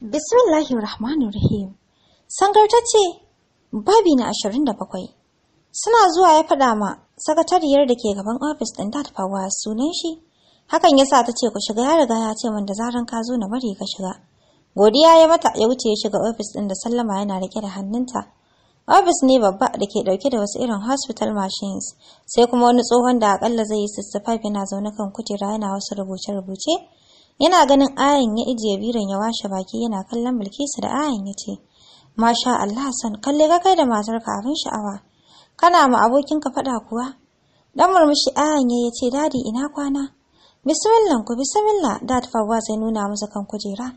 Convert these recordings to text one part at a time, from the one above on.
bismillahi Rahmanu Rahim. Sangar ta ce, Babi na ashirin da bakwai. Suna zuwa ya faɗa ma sakatariyar da ke gaban ofis ɗin tafa Fawa sunan shi. Hakan ya sa ta ce ku shiga ya riga ya ce min zaran ka zo na bari ka shiga. Godiya ya mata ya wuce ya shiga ofis ɗin da sallama yana riƙe da hannunta. Ofis ne babba da ke ɗauke da wasu irin hospital machines, sai kuma wani tsohon da akalla zai yi 65 yana zaune kan kujera yana wasu rubuce-rubuce. yana ganin ayan ya ije biran ya washe baki yana kallon bilkisu da ayan ya ce masha Allah san kalle ka kai da matarka abin sha'awa kana ma abokinka faɗa kuwa dan murmushi ayan ya ce dadi ina kwana bismillah ku bismillah dad fawwa sai nuna masa kan kujera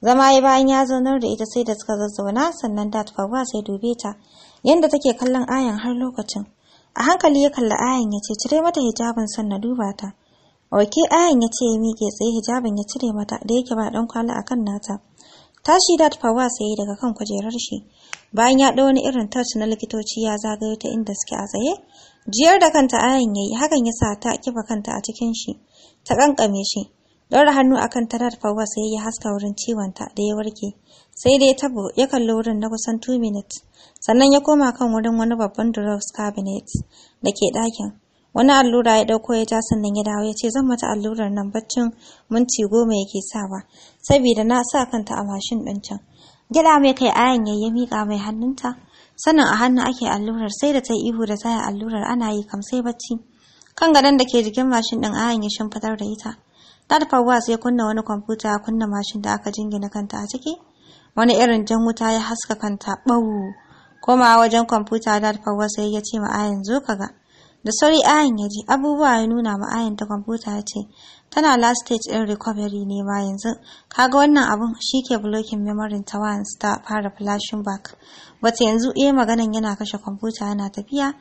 zama ya bayan ya zaunar da ita sai da suka zazzauna sannan dad fawwa sai dube ta yanda take kallon ayan har lokacin a hankali ya kalla ayan ya ce cire mata hijabin san na duba ta Oke ayan ya ce ya miƙe tsaye hijabin ya cire mata da yake ba dan kwali kan nata. Tashi dat fawa sai daga kan kujerar shi. Bayan ya ɗau wani irin touch na likitoci ya zagayo ta inda suke a tsaye, jiyar da kanta ayan yayi hakan ya sa ta kifa kanta a cikin shi. Ta kankame shi. Ɗora hannu akan ta dat fawa sai ya haska wurin ciwon ta da ya warke. Sai dai tabo ya kalli wurin na kusan 2 minutes. Sannan ya koma kan wurin wani babban drugs cabinet da ke ɗakin. wani allura ya ɗauko ya ja sannan ya dawo ya ce zan mata allurar nan baccin minti goma yake sawa saboda na sa kanta a mashin ɗin can gyaɗa mai kai ayan yayi ya miƙa mai hannunta sanin a hannu ake allurar sai da ta yi ihu da taya allurar ana yi kam sai bacci kan gadon da ke jikin mashin ɗin ayan ya shimfitar da ita Da fawwa sai kunna wani kwamfuta ya kunna mashin da aka jingina kanta a ciki. Wani irin jan wuta ya haska kanta ɓawu. koma wajen kwamfuta da fawwa sai ya ce ma a zo ka ga. Da sauri Ayan ya ji abubuwa ya nuna ma Ayan ta kwamfuta ya ce, tana last stage ɗin recovery ne ma yanzu. Kaga wannan abun shi ke blocking memory ta once ta fara flashing back. wata yanzu iya eh maganan yana kashe kwamfuta yana tafiya,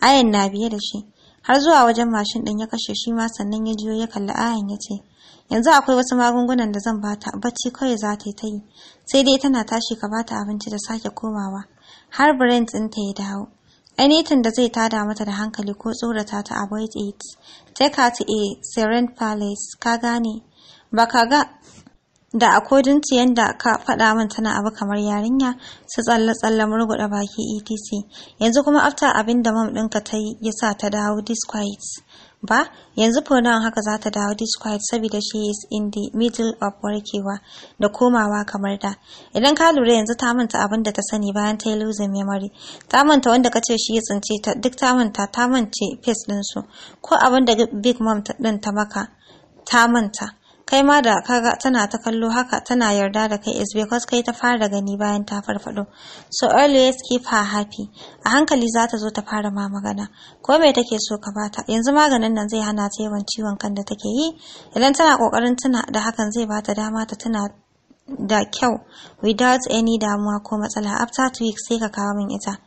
Ayan na biye da shi. Har zuwa wajen mashin ɗin ya kashe shi ma sannan ya jiyo ya kalli Ayan ya ce, yanzu akwai wasu magungunan da zan bata bacci kawai za ta yi ta yi sai dai tana tashi ka bata abinci da sake komawa har brain ɗinta ya dawo Anything da zai tada mata da hankali ko tsorata ta avoid it. Take her to a serene palace, ka gane. Ba ka ga da according to yanda ka faɗa min tana abu kamar yarinya su tsalle-tsalle murguɗa baki etc. Yanzu kuma after abin da mam ɗinka ta yi ya sa ta dawo this ba yanzu pronoun haka za ta dawo disquiet saboda she is in the middle of warkewa da komawa kamar da idan ka lura yanzu ta manta abin da ta sani bayan ta yi losing memory ta manta wanda ka ce shi ya tsince ta duk ta manta ta mance face ɗinsu ko abin da big mom ɗin ta maka ta manta kai ma da kaga tana ta kallo haka tana yarda da kai is because kai ta fara gani bayan ta farfado so always keep her happy a hankali za ta zo ta fara ma magana ko me take so ka bata yanzu maganin nan zai hana ta yawan ciwon kan da take yi idan tana kokarin tuna da hakan zai bata dama ta tuna da kyau without any damuwa ko matsala after two weeks sai ka kawo min ita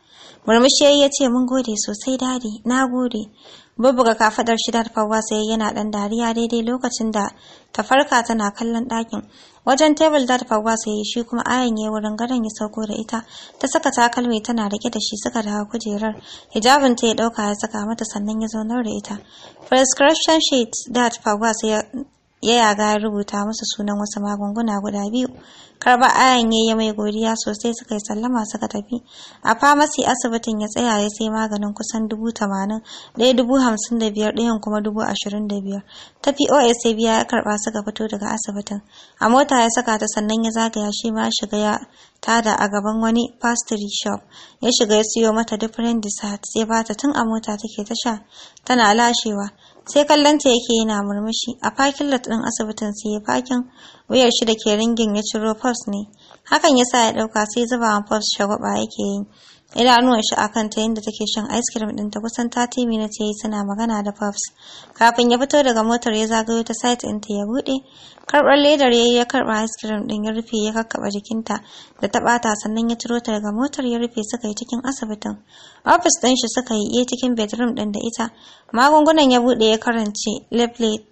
murmushi ya ce mun gode sosai dadi na gode bubuga kafadar shidar fawwa sai yana dan dariya daidai lokacin da ta farka tana kallon ɗakin wajen tebul da fawwa sai shi kuma ayan ya wurin gadon ya sauko da ita ta saka takalmi tana rike da shi suka dawo kujerar hijabin ta ya dauka ya saka mata sannan ya zaunar da ita prescription sheet da fawwa sai ya yaga ya rubuta masa sunan wasu magunguna guda biyu karba ayan ya mai godiya sosai suka yi sallama suka tafi a famasi asibitin ya tsaya ya sai maganin kusan dubu tamanin ɗaya dubu hamsin da biyar ɗayan kuma dubu ashirin da biyar ta pos ya biya ya karba suka fito daga asibitin a mota ya saka ta sannan ya zagaya shi ma shiga ya tada a gaban wani pastry shop ya shiga ya siyo mata different desserts sai bata tun a mota take ta sha tana lashewa sai kallonta yake yana murmushi a fakin lat ɗin asibitin sai ya fakin wuyar shi da ke ringin ya ciro pos ne hakan ya sa ya ɗauka sai zuba wa pos shagwaba yake yi idanuwan shi akan ta yadda take shan ice cream ta kusan 30 minutes yayi suna magana da pubs kafin ya fito daga motar ya zagayo ta site ɗinta ya buɗe karɓar ledar yayi ya karɓa ice cream ɗin ya rufe ya kakkaɓa jikinta da ta ɓata sannan ya ciro ta daga motar ya rufe suka yi cikin asibitin office ɗin shi suka yi iya cikin bedroom ɗin da ita magungunan ya buɗe ya karance leaflet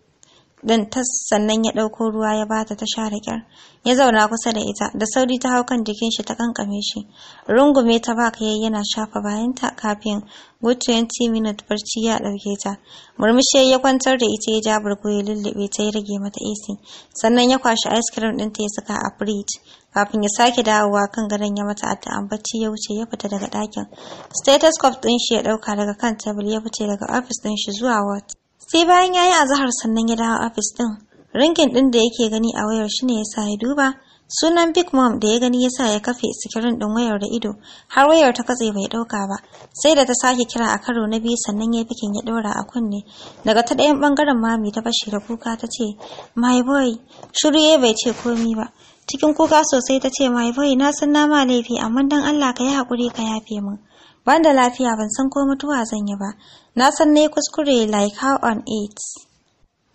din tas sannan ya ɗauko ruwa ya bata ta sha da kyar ya zauna kusa da ita da sauri ta hau kan jikin shi ta kankame shi rungume ta ba ka yana shafa ta kafin good twenty minutes barci ya ɗauke ta murmushi ya kwantar da ita ya ja burgo ya lullube ta ya rage mata AC sannan ya kwashe ice cream ɗin ta ya saka a fridge kafin ya sake dawowa kan gadon ya mata addu'an bacci ya wuce ya fita daga ɗakin stethoscope ɗin shi ya ɗauka daga kan tebul ya fice daga ofis ɗin shi zuwa wat sai bayan ya yi azahar sannan ya dawo ofis ɗin ringin ɗin da yake gani a wayar shine ya sa ya duba sunan big mom da ya gani ya sa ya kafe sikirin ɗin wayar da ido har wayar ta katse bai ɗauka ba sai da ta sake kira a karo na biyu sannan ya fikin ya ɗora a kunne daga ta ɗayan ɓangaren mami ta bashi da kuka ta ce my boy shiru bai ce komi ba cikin kuka sosai ta ce my boy na san na ma laifi amma dan Allah ka yi hakuri ka yafe min ban da lafiya ban san ko mutuwa zan yi ba na san na yi kuskure like how on it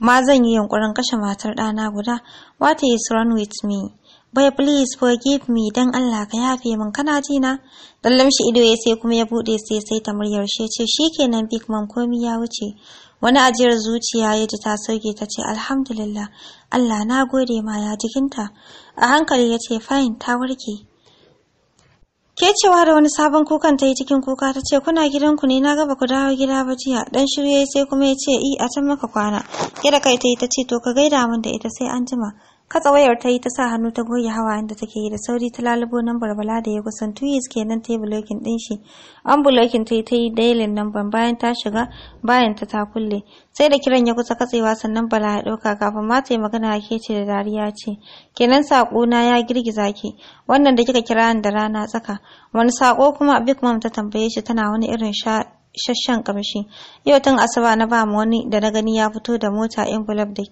ma zan yi yunkurin kashe matar ɗana guda what is wrong with me Boy, please forgive me dan Allah ka yafe min kana ji na. Dallam shi ido ya sai kuma ya bude sai sai ta muryar shi ce shi kenan big Man, komi ya wuce. Wani ajiyar zuciya ya ji ta sauke ta ce alhamdulillah Allah na gode ma ya jikinta. A hankali ya ce fine ta warke. Ke cewa da wani sabon kukan ta yi cikin kuka ta ce kuna ku ne na gaba ku dawo gida ba jiya dan shiru sai kuma ya ce i a can maka kwana. Kira kai ta yi ta ce to ka gaida min da ita sai an jima. katsa wayar ta yi ta sa hannu ta goge hawa da take yi da sauri ta lalubo nambar bala da ya kusan tuyis kenan ta yi bulokin ɗin shi an bulokin ta yi ta yi dailin namban bayan ta shiga bayan ta ta kulle sai da kiran ya kusa katsewa sannan bala ya ɗauka kafin mata ta yi magana ke ce da dariya ce kenan saƙo na ya girgiza ki wannan da kika kira da rana tsaka wani saƙo kuma big mom ta tambaye shi tana wani irin sha shashan kamshi yau tun asaba na ba mu wani da na gani ya fito da mota envelope da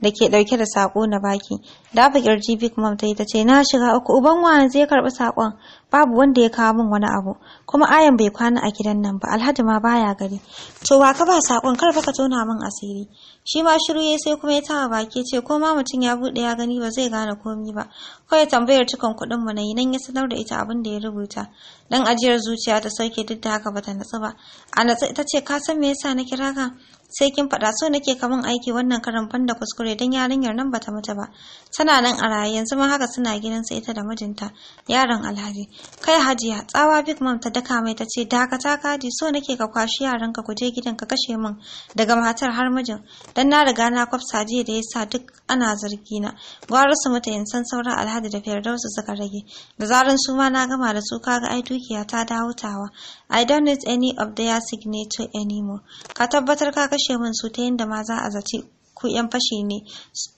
da ke ɗauke da saƙo na baki. Dafa ƙirji Big Mom ta yi ta ce, Na shiga uku, uban wa zai karɓi saƙon? babu wanda ya kawo min wani abu kuma ayan bai kwana a gidan nan ba alhaji ma baya gari to wa ka ba sakon kar ka tona min asiri shi ma shiru yayi sai kuma ya tawa baki ce ko ma mutum ya bude ya gani ba zai gane komai ba ya tambayar cikon kuɗin mu nayi nan ya sanar da ita abin da ya rubuta dan ajiyar zuciya ta sauke duk da haka bata natsu ba a natsu ita ce ka san me yasa na kira ka sai kin faɗa so nake kaman aiki wannan karan da kuskure don yarinyar nan bata mutu ba tana nan a raye yanzu ma haka suna gidansa ita da mijinta yaron alhaji kai hajiya tsawa big mom ta daka mai ta ce dakata kaji so nake ka kwashi yaranka ku je gidan ka kashe min daga matar har mijin dan na riga na kwafsa jiya da yasa duk ana zargi na gwara su mata in san saura alhaji da firdausu suka rage da zaran su ma na gama da su kaga ai dukiya ta dawo tawa i don't need any of their signature anymore ka tabbatar ka kashe min su ta yadda ma za a zaci ku yan fashi ne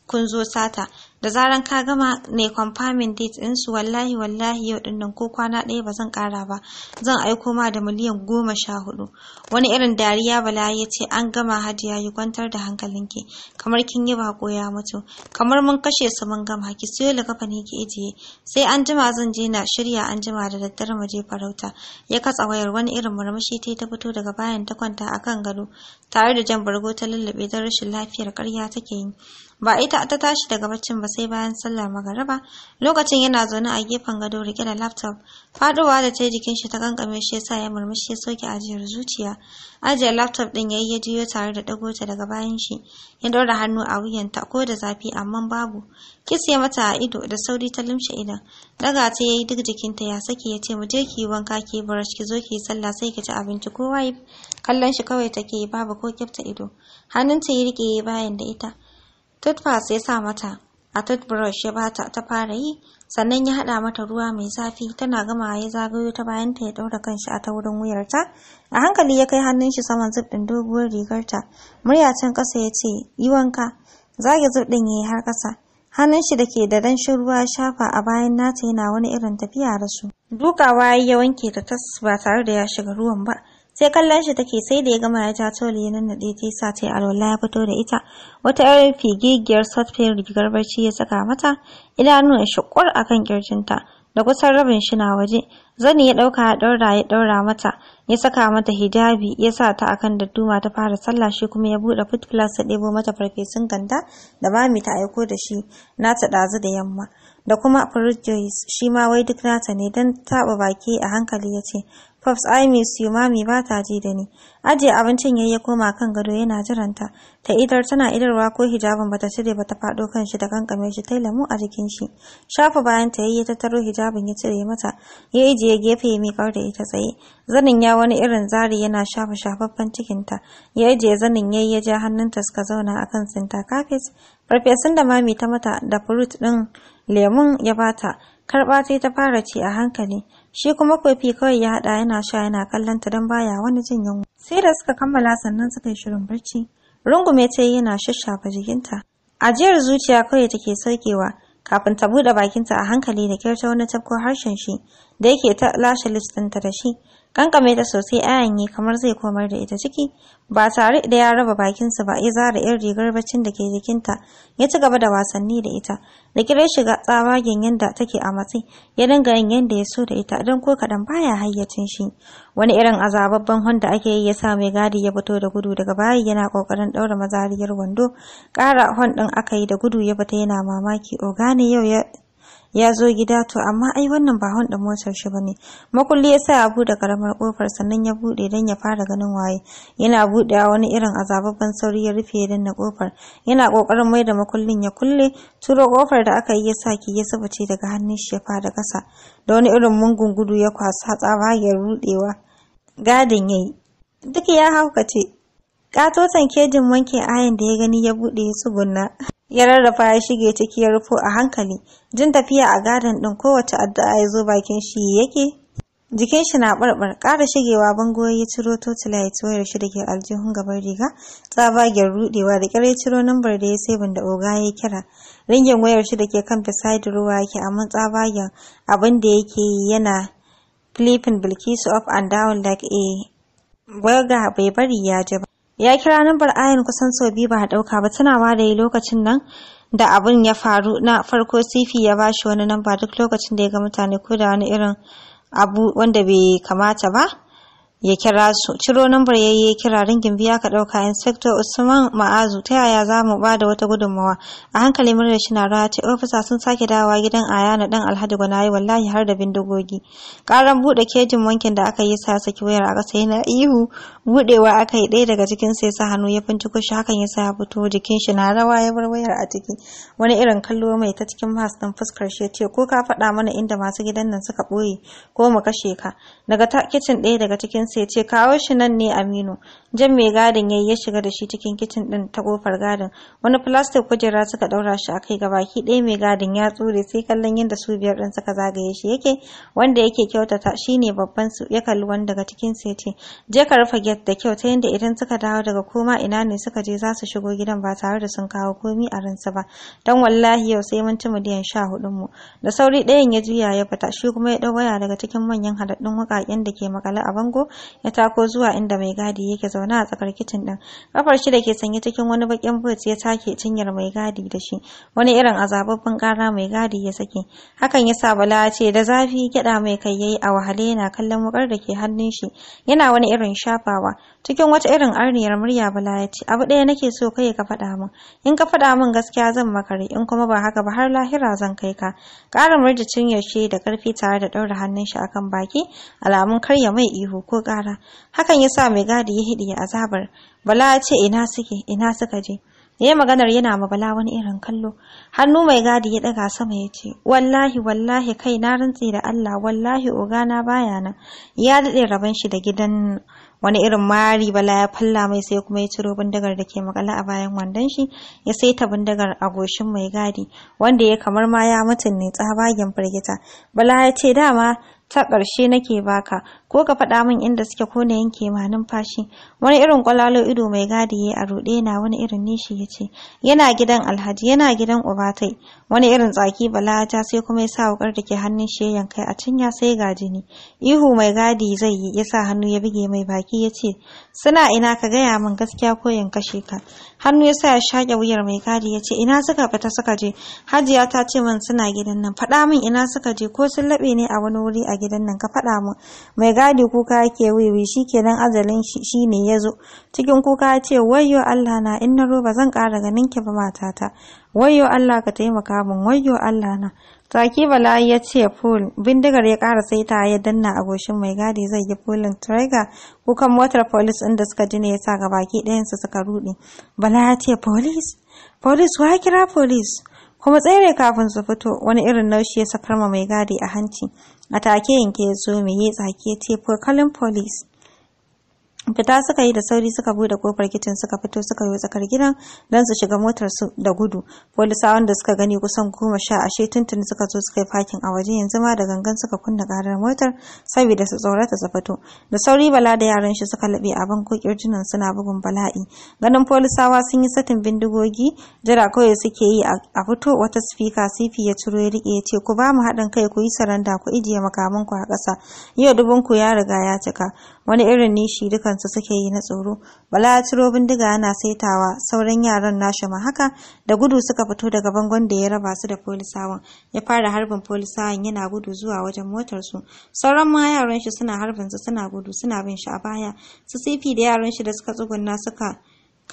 kun zo sata da zaran ka gama ne confirming date din su wallahi wallahi yau din nan ko kwana ɗaya ba zan ƙara ba zan aiko ma da miliyan goma sha hudu wani irin dariya bala ya ce an gama hajiya yi kwantar da hankalinki kamar kin yi bako ya mutu kamar mun kashe su mun gama ki siyo kafa ne ki ijiye sai an jima zan je na shirya an jima da daddare mu je farauta ya katsa wayar wani irin murmushi ta ta fito daga bayan ta kwanta akan gado tare da jan bargo ta lullube don rashin lafiyar ƙarya take yi ba a ita ta tashi daga baccin ba sai bayan sallar magariba lokacin yana zaune a gefen gado rike da laptop faduwa da ta jikin shi ta kankame shi yasa ya murmushi ya soke ajiyar zuciya ajiyar laptop din yayi ya jiyo tare da dago ta daga bayan shi ya daura hannu a wuyanta ko da zafi amma babu kis ya mata a ido da sauri ta limshe idan daga ta yayi duk jikinta ya saki ya ce mu je ki wanka ki brush ki zo ki sallah sai ki ci abinci ko wife." kallon shi kawai take babu ko kyafta ido hannunta ya rike bayan da ita Tutfas ya sa mata a toothbrush ya bata ta fara yi sannan ya haɗa mata ruwa mai zafi tana gama ya zagayo ta bayan ta ya ɗaura kanshi a ta wurin wuyarta a hankali ya kai hannun shi saman zubdin doguwar doguwar rigarta murya can ƙasa ya ce yi wanka zage zubɗin yayi ya yi har ƙasa hannun shi da ke da danshin ruwa shafa a bayan nata yana wani irin tafiya da su dukawa ya wanke ta tas ba tare da ya shiga ruwan ba sai kallon shi take sai da ya gama ya ja tole ya nannaɗe ta sa ta alwala ya fito da ita wata yar figigiyar sotfin rigar barci ya saka mata idanun shi a akan kirjinta da kusan rabin shi na waje zani ya ɗauka ya ɗaura ya ɗaura mata ya saka mata hijabi ya sa ta akan dattuma ta fara sallah shi kuma ya buɗe foot ta ya ɗebo mata farfesun ganda da mami ta aiko da shi na ta ɗazu da yamma da kuma fruit juice shi ma wai duk nata ne don taɓa baki a hankali ya ce pops i miss you mami ba ta ji da ni ajiye abincin yayi ya koma kan gado yana jiranta ta idar tana idarwa ko hijabin bata cire bata fado faɗo kan shi da kankame shi ta lamu a jikin shi shafa bayan ta yi ta taro hijabin ya cire mata ya ijiye gefe ya kawar da ita tsaye zanin ya wani irin zari yana shafa shafaffen cikinta ya ijiye zanin yi ya ja ta suka zauna akan sinta kafes farfesun da mami ta mata da fruit ɗin lemun ya bata karɓa ta ta fara ci a hankali shi kuma kofi kawai ya haɗa yana sha yana kallon ta don baya wani jin yunwa sai da suka kammala sannan suka yi shirin barci rungume ta yi yana shashafa jikinta ajiyar zuciya kawai take saukewa kafin ta buɗe bakinta a hankali da kyar wani tafko harshen shi da yake ta lashe listinta da shi kankame ta sosai ayan yi kamar zai komar da ita ciki ba tare da ya raba bakinsa ba ya zara yan rigar baccin da ke jikinta ya ci gaba da wasanni da ita da kira shiga tsawa ganyen da take a matsi ya dinga yin yanda ya so da ita don ko kaɗan baya hayyacin shi wani irin azababban da ake yi ya sa mai gadi ya fito da gudu daga baya yana kokarin ɗaura mazariyar wando ƙara hon ɗin aka yi da gudu ya fita yana mamaki ogane yau ya ya zo gida to amma ai wannan ba hon motar shi bane makulli ya sa abu da karamar kofar sannan ya bude dan ya fara ganin waye yana budewa wani irin azababban sauri ya rufe dan na kofar yana kokarin mai da makullin ya kulle turo kofar da aka yi ya saki ya sabace daga hannun shi ya fara kasa da wani irin mungun gudu ya kwasa ya rudewa gadin yayi duk ya haukace katotan kejin wanke ayan da ya gani ya bude ya tsugunna ya rarrafa ya shige ciki ya rufo a hankali jin tafiya a gadon din kowace addu'a ya zo bakin shi yake jikin shi na barbar kara shigewa bango ya ciro totalite ya wayar shi da ke aljihun gaban riga tsabagen rudewa da kare ciro nambar da ya sebin da oga ya kira ringin wayar shi da ke kan beside ruwa yake amma tsabagen abin da yake yana flipping bilkisu up and down like a Gwelga bai bari ya ji ba. ya kira nambar ayan kusan sau biyu ba a ɗauka ba tunawa da yi lokacin nan da abun ya faru na farko sifi ya bashi wani namba duk lokacin da ya ga mutane ko da wani irin abu wanda bai kamata ba ya kira su ciro nambar yayi ya kira ringin biya ka dauka inspector Usman Ma'azu ta yaya za mu bada wata gudunmawa a hankali muryar shi na rawa ta officer sun sake dawowa gidan Ayana dan Alhaji Gwanaye wallahi har da bindigogi karan bude kejin wankin da aka yi sa saki wayar a kasa yana ihu budewa aka yi ɗaya daga cikin sai sa hannu ya finciko kushi hakan ya ya fito jikin shi na rawa ya bar wayar a ciki wani irin kallo mai ta cikin mas din fuskar shi ya ce ko ka faɗa mana inda masu gidan nan suka boye ko mu kashe ka daga kitchen ɗaya daga cikin sai ce kawo shi nan ne Aminu. Jan mai gadin yayi ya shiga da shi cikin kicin din ta kofar gadin. Wani plastic kujera suka daura shi a kai akai gabaki ɗaya mai gadin ya tsure sai kallon yadda su biyar ɗin suka zagaye shi yake wanda yake kyautata shi ne babban su ya kalli wanda daga cikin su yace je ka rufe gate da kyau ta yadda idan suka dawo daga koma ina ne suka je za su shigo gidan ba tare da sun kawo komi a ransa ba. Dan wallahi yau sai mun ci miliyan sha hudun mu. Da sauri ɗayan ya juya ya fita shi kuma ya ɗau waya daga cikin manyan haɗaɗɗun wuƙaƙen da ke makale a bango ya tako zuwa inda mai gadi yake zaune a tsakar kicin din kafar shi da ke sanye cikin wani bakin boots ya take cinyar mai gadi da shi wani irin azababin kara mai gadi ya sake hakan ya sa bala ce da zafi gyada mai kai yayi a wahale yana kallon wukar da ke hannun shi yana wani irin shafawa cikin wata irin arniyar murya bala ya ce abu ɗaya nake so kai ka faɗa min in ka faɗa min gaskiya zan makare in kuma ba haka ba har lahira zan kai ka ƙara murji cinyar da ƙarfi tare da ɗaura hannun shi akan baki alamun karya mai ihu ko ƙara hakan ya sa mai gadi ya ya azabar bala ya ce ina suke ina suka je yayi maganar yana ma bala wani irin kallo hannu mai gadi ya ɗaga sama ya ce wallahi wallahi kai na rantse da Allah wallahi ogana baya nan ya daɗe rabon shi da gidan wani irin mari bala ya falla mai sai kuma ya ciro bindigar da ke makala a bayan wandon shi ya saita bindigar a goshin mai gadi wanda ya kamar ma ya mutum ne tsabagen firgita bala ya ce dama ta ƙarshe nake baka ko ka faɗa min inda suke ko na yanke ma numfashi wani irin kwalalo ido mai gadi ya a ruɗe na wani irin nishi ya ce yana gidan alhaji yana gidan ubatai wani irin tsaki bala ta sai kuma ya sa wukar da ke hannun shi ya yankai a cinya sai ga jini ihu mai gadi zai yi ya sa hannu ya buge mai baki ya ce suna ina ka gaya min gaskiya ko yan kashe ka hannu ya sa ya shaƙe wuyar mai gadi ya ce ina suka fita suka je hajiya ta ce min suna gidan nan faɗa min ina suka je ko sun laɓe ne a wani wuri a gidan nan ka faɗa min mai gadi kuka yake wiwi shi nan azalin shi ne ya zo cikin kuka ya ce wayyo Allah na in na roba zan ƙara ganin ki ba matata wayyo Allah ka taimaka min wayyo Allah na Tsaki Bala ya ce ful, bindigar ya ƙara saita ya danna a goshin mai gadi zai yi fulin trigger kukan motar polis ɗin da suka ji ne ya sa gabaki ɗayansu suka ruɗe. Bala ya ce polis, polis wa kira polis. Kuma tsere kafin su fito wani irin naushi ya sakar ma mai gadi a hanci. A take yanke ya zo mai yi tsaki ya ce police. fita suka yi da sauri suka bude kofar gicin suka fito suka yi tsakar gidan don su shiga motar su da gudu polisawan da suka gani kusan goma sha ashe tuntuni suka zo suka yi fakin a waje yanzu ma da gangan suka kunna karar motar saboda su tsorata su fito da sauri bala da yaran shi suka labe abin ko kirjinan suna bugun bala'i ganin polisawa sun yi satin bindigogi jira kawai suke yi a fito wata sifika sifi ya ciro ya rike ya ce ku ba mu haɗin kai ku yi saranda ku ijiye makamanku a kasa yau dubun ku ya riga ya cika wani irin nishi dukansu suke yi na tsoro bala ya ciro bindiga yana saitawa sauran yaran nashi ma haka da gudu suka fito daga bangon da ya raba su da polisawan ya fara harbin polisawan yana gudu zuwa wajen motar su sauran ma yaran shi suna harbin su suna gudu suna bin shi a baya su sifi da yaran shi da suka tsugunna suka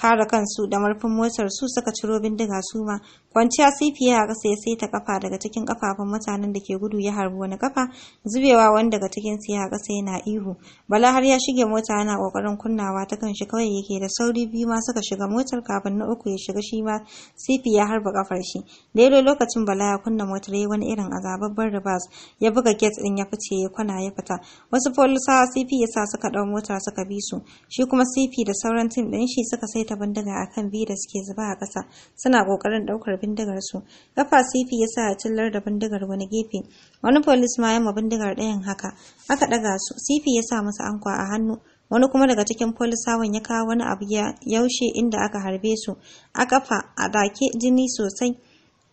kare kansu da marfin motar su suka ciro bindiga su ma kwanciya sifiya a ƙasa ya saita kafa daga cikin kafafun mutanen da ke gudu ya harbi wani kafa zubewa wani daga cikin siya a ƙasa yana ihu bala har ya shige mota yana ƙoƙarin kunnawa ta kan shi kawai yake da sauri biyu ma suka shiga motar kafin na uku ya shiga shi ma sifi ya harba kafar shi daidai lokacin bala ya kunna motar ya wani irin azababban ribas ya buga gate din ya fice ya kwana ya fita wasu polisawa sifi ya sa suka ɗau motar suka bi su shi kuma sifi da sauran tim ɗin shi suka sai ta bindiga akan biyu da suke zuba a ƙasa suna ƙoƙarin ɗaukar bindigar su kafa sifi ya sa ya cillar da bindigar wani gefe wani polis ma ya ma bindigar ɗayan haka aka ɗaga su sifi ya sa masa ankwa a hannu wani kuma daga cikin polisawan ya kawo wani abu ya yaushe inda aka harbe su a kafa a dake jini sosai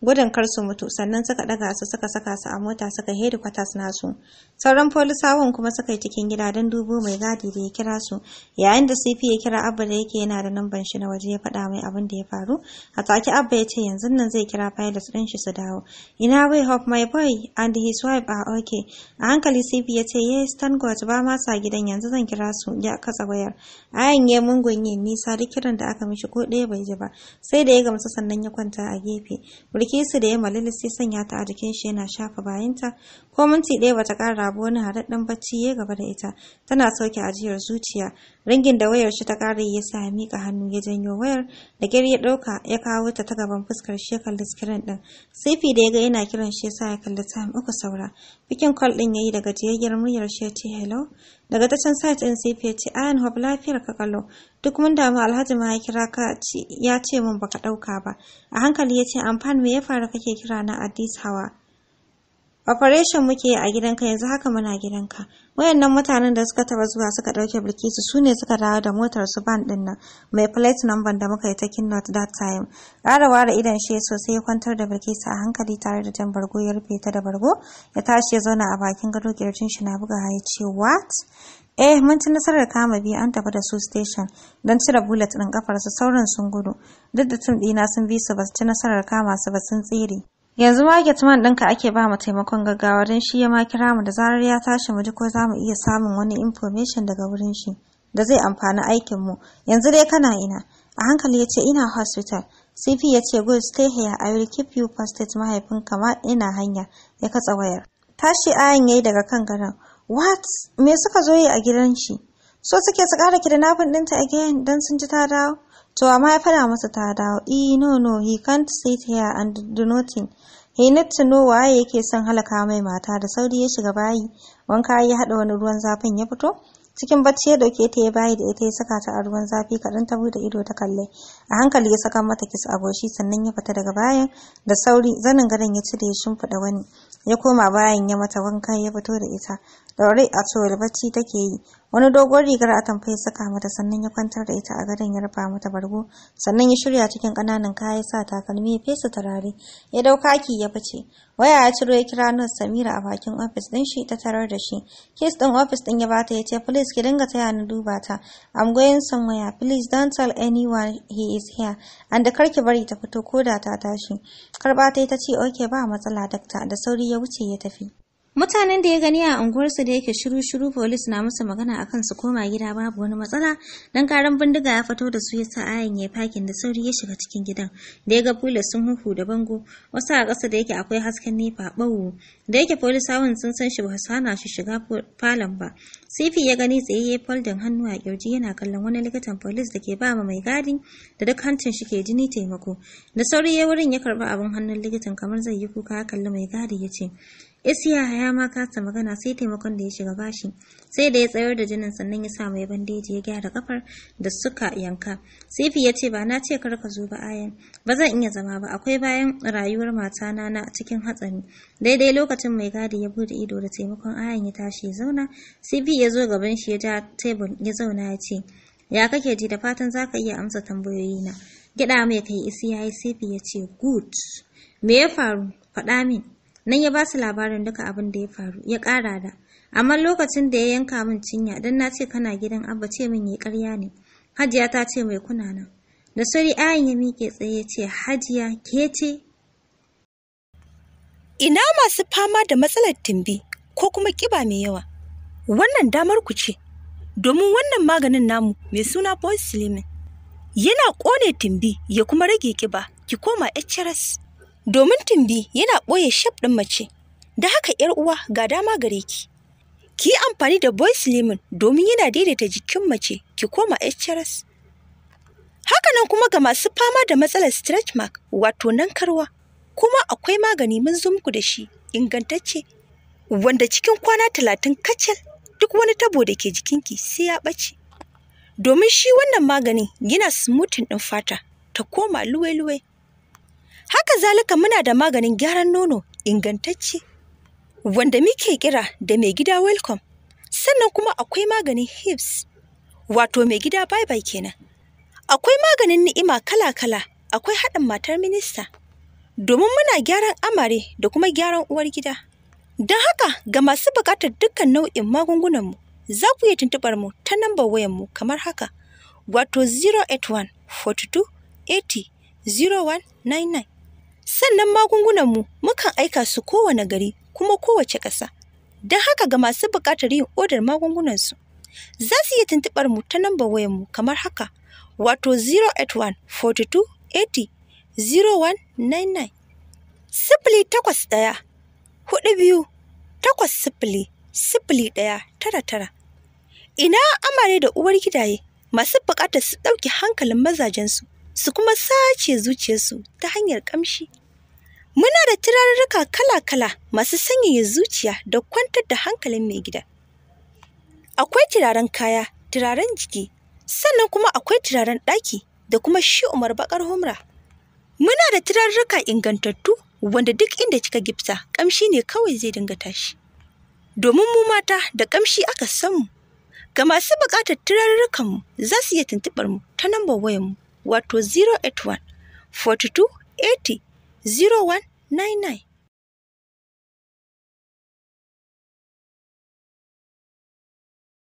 gudun kar su mutu sannan suka daga su suka saka su a mota suka hedi kwatas nasu sauran polisawan kuma suka yi cikin gida don dubo mai gadi da ya kira su yayin da cp ya kira abba da yake yana da namban shi na waje ya faɗa mai abin da ya faru a take abba ya ce yanzu nan zai kira pilot ɗin shi su dawo ina we hope my boy and his wife are okay a hankali cp ya ce yes thank god ba ma sa gidan yanzu zan kira su ya katsa wayar ayan ya mungun yin nisa duk kiran da aka mishi ko ɗaya bai ji ba sai da ya gamsu sannan ya kwanta a gefe Rike su da ya malili sai sanya ta a jikin shi yana shafa bayanta. Ko minti ɗaya bata ƙara ba wani haɗaɗɗen bacci ya gaba da ita. Tana sauke ajiyar zuciya. Ringin da wayar shi ta ƙara ya sa ya miƙa hannu ya janyo wayar. Da ƙyar ya ɗauka ya kawo ta ta gaban fuskar shi ya kalli sikirin ɗin. Sifi da ya ga yana kiran shi ya sa ya kalli time uku saura. Bikin kwal ɗin ya yi daga jiyayyar muryar shi ya ce hello. daga ta can site din sai ya ce ayan hob lafiyar ka kallo duk mun damu alhaji ma ya kira ka ya ce mun baka ɗauka ba a hankali ya ce amfani me ya faru kake kira na addis hawa operation muke yi a gidanka yanzu haka muna gidanka wayannan mutanen da suka taba zuwa suka dauke birki su ne suka dawo da motar su ban din nan mai plate number da muka yi ta kinnot that time ƙara ware idan shi sosai ya kwantar da bilkisu a hankali tare da jan bargo ya rufe ta da bargo ya tashi ya zauna a bakin gado kirjin shi na buga ya ce what eh mun ci nasarar kama biyu an tafi da su station don cire bullet din kafarsu sauran sun gudu duk da tun dina sun bi su ba su ci nasarar kama su ba sun tsere yanzu market man ɗinka ake ba mu taimakon gaggawa don shi ya ma kira mu da zarar ya tashi mu ji ko za mu iya samun wani information daga wurin shi da zai amfani aikin mu yanzu dai kana ina a hankali ya ce ina hospital cp ya ce good stay here i will keep you posted mahaifin kama ina hanya ya katsa wayar tashi ayan yayi daga kan gadon what me suka zo yi a gidan shi so suke su kara kidnapping ɗinta again don sun ji ta dawo to amma ya faɗa masa ta dawo e no no he can't sit here and do nothing Hainat tuno waye yake son halaka mai mata da sauri ya shiga bayi, wanka ya haɗa wani ruwan zafin ya fito. Cikin bacci ya dauke ta ya bayi da ita ya saka ta a ruwan zafi kaɗan ta bude ido ta kalle. A hankali ya saka mata kis a goshi sannan ya fita daga bayan da sauri zanin gadon ya cire ya shimfiɗa wani. ya koma bayan ya mata wanka ya fito da ita daure a tsohuwar bacci take yi wani dogon rigar a tamfai saka mata sannan ya kwantar da ita a gadon ya rufa mata bargo sannan ya shirya cikin ƙananan kaya ya sa takalmi ya fesa turare ya dau ki ya fice waya ya ciro ya kira nurse samira a bakin ofis din shi ta tarar da shi kes din ofis din ya bata ya ce please ki dinga taya ni duba ta i'm going somewhere please don't tell anyone he is here and kar ki bari ta fito ko da ta tashi karba ta ta ce okay ba matsala dakta da sauri ya wuce ya tafi Mutanen da ya gani a unguwarsa da yake shiru-shiru polis na musu magana akan su koma gida babu wani matsala Don karan bindiga ya fito da su ya sa ayan ya fakin da sauri ya shiga cikin gidan da ya ga polis sun huhu da bango wasu a ƙasa da yake akwai hasken nefa ɓawo da yake polis hawan sun san shi ba su hana shi shiga falon ba sifi ya gani tsaye ya foldin hannu a kirji yana kallon wani likitan polis da ke ba ma mai gadi da duk hancin shi ke jini taimako da sauri ya wurin ya karɓi abin hannun likitan kamar zai yi kuka ya kalli mai gadi ya ce Isiya ya ma kasa magana sai taimakon da ya shiga bashi. Sai da ya tsayar da jinin sannan ya sa mai bandeji ya gyara kafar da suka yanka. Sifi ya ce ba na ce kar ka zo ba ayan. Ba zan iya zama ba akwai bayan rayuwar matana na cikin hatsari. Daidai lokacin mai gadi ya bude ido da taimakon ayan ya tashi ya zauna. Sifi ya zo gaban shi ya ja tebur ya zauna ya ce ya kake ji da fatan za ka iya amsa tambayoyi na. Gida mai kai isi ya yi sifi ya ce good. Me ya faru? Faɗa min. nan ya ba su labarin duka abin da ya faru ya ƙara da amma lokacin da ya yanka min cinya dan na ce kana gidan abba ce min ya karya ne hajiya ta ce mai kuna nan da sauri ayin ya miƙe tsaye ce hajiya ke ce ina masu fama da matsalar tumbi ko kuma ƙiba mai yawa wannan damar ku ce domin wannan maganin namu mai suna boys yana ƙone tumbi ya kuma rage ƙiba ki koma HRS. domin tumbi yana ɓoye shaf ɗin mace da haka ‘yar uwa ga dama gare ki ki yi amfani da boys lemon domin yana daidaita jikin mace ki koma HRS. hakanan kuma ga masu fama da matsalar stretch mark wato nan karwa kuma akwai magani mun zo muku da shi ingantacce wanda cikin kwana talatin kacal duk wani tabo da ke jikinki sai ya ɓace domin shi wannan maganin yana smoothing ɗin fata ta koma luwe-luwe Haka zalika muna da maganin gyaran nono ingantacce wanda muke kira da mai gida welcome. Sannan kuma akwai maganin hips wato mai gida bye bye kenan. Akwai maganin ni'ima kala-kala akwai haɗin matar minista domin muna gyaran amare da kuma gyaran uwar gida. Don haka ga masu buƙatar dukkan nau'in magungunanmu za ku iya tuntuɓar mu ta nambar wayanmu kamar haka wato 081 42 80 0199 Sannan magungunanmu mukan aika su kowane gari kuma kowace ƙasa. Don haka ga masu buƙatar yin odar magungunansu, za su iya tuntuɓar mu ta nambar wayanmu kamar haka, wato 081 42 80 0199. Sifili takwas ɗaya, huɗu biyu, takwas sifili, sifili ɗaya tara tara. Ina amare da uwar gidaye masu buƙatar su ɗauki hankalin mazajensu su kuma sace zuciyarsu ta hanyar ƙamshi. Muna da turarruka kala-kala masu sanyaya zuciya da kwantar da hankalin mai gida. Akwai turaren kaya, turaren jiki, sannan kuma akwai turaren ɗaki da kuma shi umar bakar humra. Muna da turarruka ingantattu wanda duk inda kika gifta ƙamshi ne kawai zai dinga tashi. Domin mu mata da ƙamshi aka samu, ga masu buƙatar turarrukanmu za su iya tuntuɓar mu ta nambar wayarmu wato 081 42 80 0199